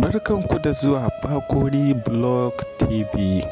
Barkanku da zuwa Bakori Blog TV.